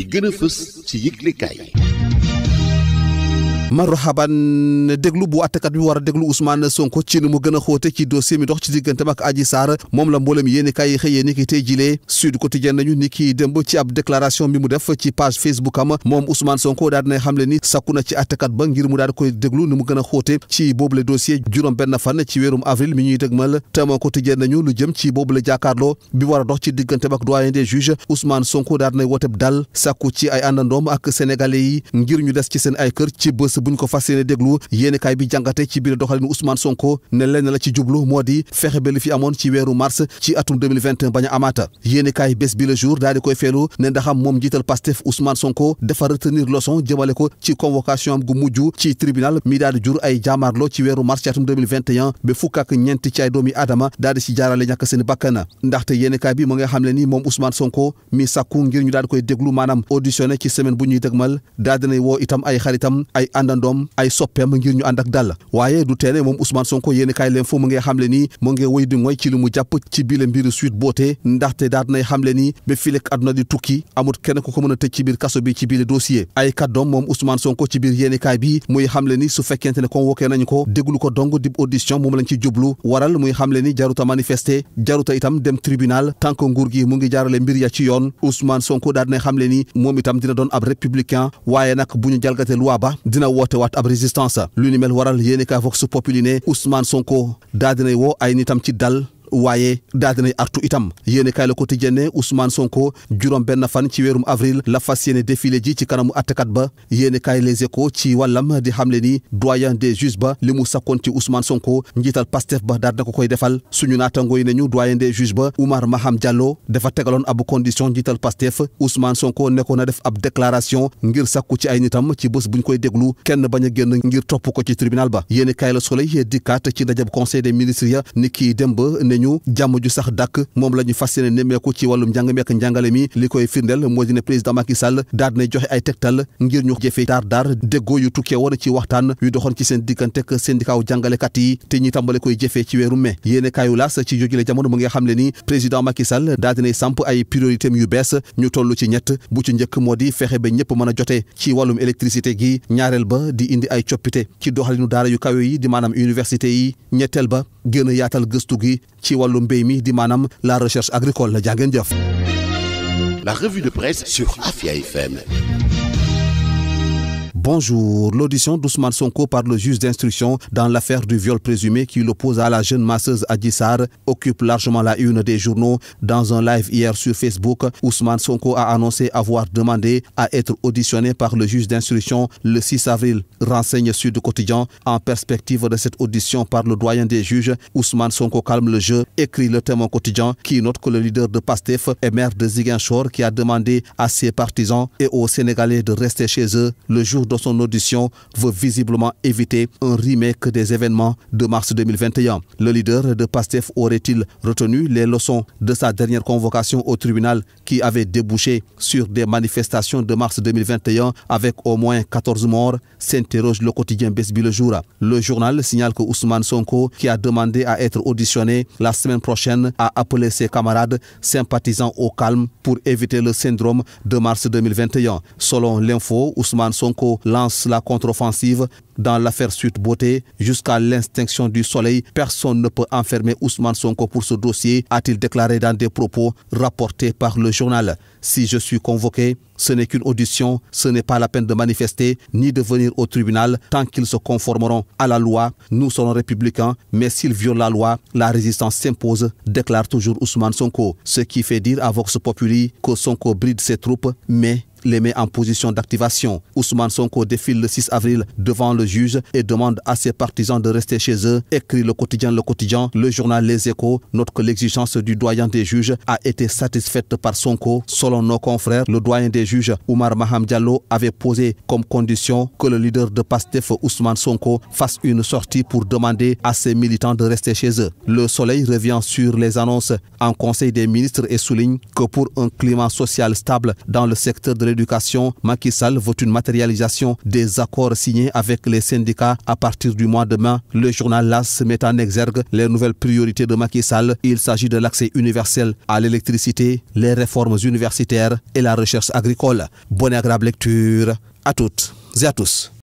yi gën a fës ci yëglekaay yi marhaban déglu bu attekat bi war a déglu Ousmane Sonko ci nu mu gën a xóote ci dossier mi dox ci digganteem ak Adji Sarr moom la mboolem yéeni kaay xëyee ni ki tey jilee Sud Quotidien nañu ni ki démb ci ab déclaration bi mu def ci page Facebook am moom Ousmane Sonko daal dinay xamle ni sakku na ci attekat ba ngir mu daal koy déglu nu mu gën a xóote ci boobule dossier juróom benn fan ci weerum avril mi ñuy dëgmal Témoin Quotidien nañu lu jëm ci boobule jàkkaarloo bi war a dox ci digganteem ak doyen des juges Ousmane Sonko daal dinay woteb yi ngir ñu des ci seen ay kër ci buñ ko fas yéene déglu yéenekaay bi ci biir doxalinu Ousmane Sonko ne lenn ci jublu moo fexe ba fi amoon ci weeru mars ci atum 2021 amaata yéenekaay bés bi le jour koy feelu ne ndaxam moom njiital Pastef Ousmane Sonko dafa retenir leçon jëmale ko ci convocation gu mujj ci tribunal mi daal jur ay jaamaarloo ci weeru mars ci atum 2021 ba fukk ñeenti ci ay doomi aadama daal di jaarale ñàkk seen bàkkana ndaxte yéenekaay bi àndandoom ay soppeem ngir ñu ànd dal waaye du teene moom Ousmane Sonko yéeni a moom itam dina doon ab républicain waaye nag bu jalgate loi ba dina woote waat ab résistance lu ni mel waral yéeni kaay Vox Populi ne Ousmane Sonko daa dinay woo ay nitam ci dal waaye daal dinay artu itam yéene kaay la quotidien ne Ousmane Sonko juróom benn fan ci weerum avril la fas yéene défilé ji ci kanamu attekat ba yéene kaay les échos ci wàllam di xamle ni doyen des juges ba li mu sakkoon ci Ousmane Sonko njiital Pastef ba daal dina koy defal suñu naatango yi nañu doyen des juges ba Oumar Maham Diallo dafa tegaloon ab condition njiital Pastef Ousmane Sonko nekkoon na def ab déclaration ngir sakku ci ay nitam ci bés buñ koy déglu kenn bañ a génn ngir topp ko ci tribunal ba yéene kaay la Soleil dikkaat ci ndajab conseil des ministres ñu jàmm ju sax dàkk moom la ñu fas yéene nemmeeku ci wàllum njàng meek njàngale mi li koy firndeel moo di président Macky Sall daal dina joxe ay tegtal ngir ñu jëfee daar daar déggoo yu tukkee woon ci waxtaan yu doxoon ci seen diggantek syndicat wu jàngalekat yi te ñu tàmbale koy jëfee ci weeru mai yéene kaayu laas ci jógile jamono mu nga xam le ni président Macky Sall daal dinay samp ay priorité yu bees ñu toll ci ñett bu ci njëkk moo di fexe ba ñëpp mën a jote ci wàllum électricité gi ñaareel ba di indi ay coppite ci doxalinu daara yu kawe yi di maanaam université yi ñetteel ba gën a gëstu gi ci wàllu mbéy mi di maanaam la recherche agricole la jàngeen jëf. La revue de presse sur Afia FM. Bonjour. L'audition d'Ousmane Sonko par le juge d'instruction dans l'affaire du viol présumé qui l'oppose à la jeune masseuse Adjissar occupe largement la une des journaux. Dans un live hier sur Facebook, Ousmane Sonko a annoncé avoir demandé à être auditionné par le juge d'instruction le avril, renseigne Sud Quotidien. En perspective de cette audition par le doyen des juges, Ousmane Sonko calme le jeu, écrit le témoin quotidien qui note que le leader de PASTEF et son audition veut visiblement éviter un remake des événements de mars 2021. Le leader de PASTEF aurait-il retenu les leçons de sa dernière convocation au tribunal qui avait débouché sur des manifestations de mars 2021 avec au moins 14 morts, s'interroge le quotidien Besbi Le Jour. Le journal signale que Ousmane Sonko, qui a demandé à être auditionné la semaine prochaine, a appelé ses camarades sympathisants au calme pour éviter le syndrome de mars 2021. Selon l'info, Ousmane lance la contre-offensive dans l'affaire Sweet Beauté. Jusqu'à l'extinction du soleil, personne ne peut enfermer Ousmane Sonko pour ce dossier, a-t-il déclaré dans des propos rapportés par le journal. Si je suis convoqué, ce n'est qu'une audition, ce n'est pas la peine de manifester ni de venir au tribunal tant qu'ils se conformeront à la loi. Nous serons républicains, mais s'ils violent la loi, la résistance s'impose, déclare toujours Ousmane Sonko. Ce qui fait dire à Vox Populi mais les met en position d'activation. Ousmane Sonko défile le 6 avril devant le juge et demande à ses partisans de rester chez eux, écrit le quotidien Le Quotidien, le journal Les Échos note que l'exigence du doyen des juges a été satisfaite par Sonko. Selon nos confrères, le doyen des juges Oumar Maham avait posé comme condition que le leader de PASTEF Ousmane Sonko fasse une sortie pour demander à ses militants de rester chez eux. Le Soleil revient sur les annonces en Conseil des ministres et souligne pour un climat social stable dans l'éducation, Macky Sall veut une matérialisation des accords signés avec les syndicats à partir du mois de mai. Le journal LAS met en exergue les nouvelles priorités de Macky Sall. Il s'agit de l'accès universel à l'électricité, les réformes universitaires et la recherche agricole. Bonne et agréable lecture à toutes et à tous.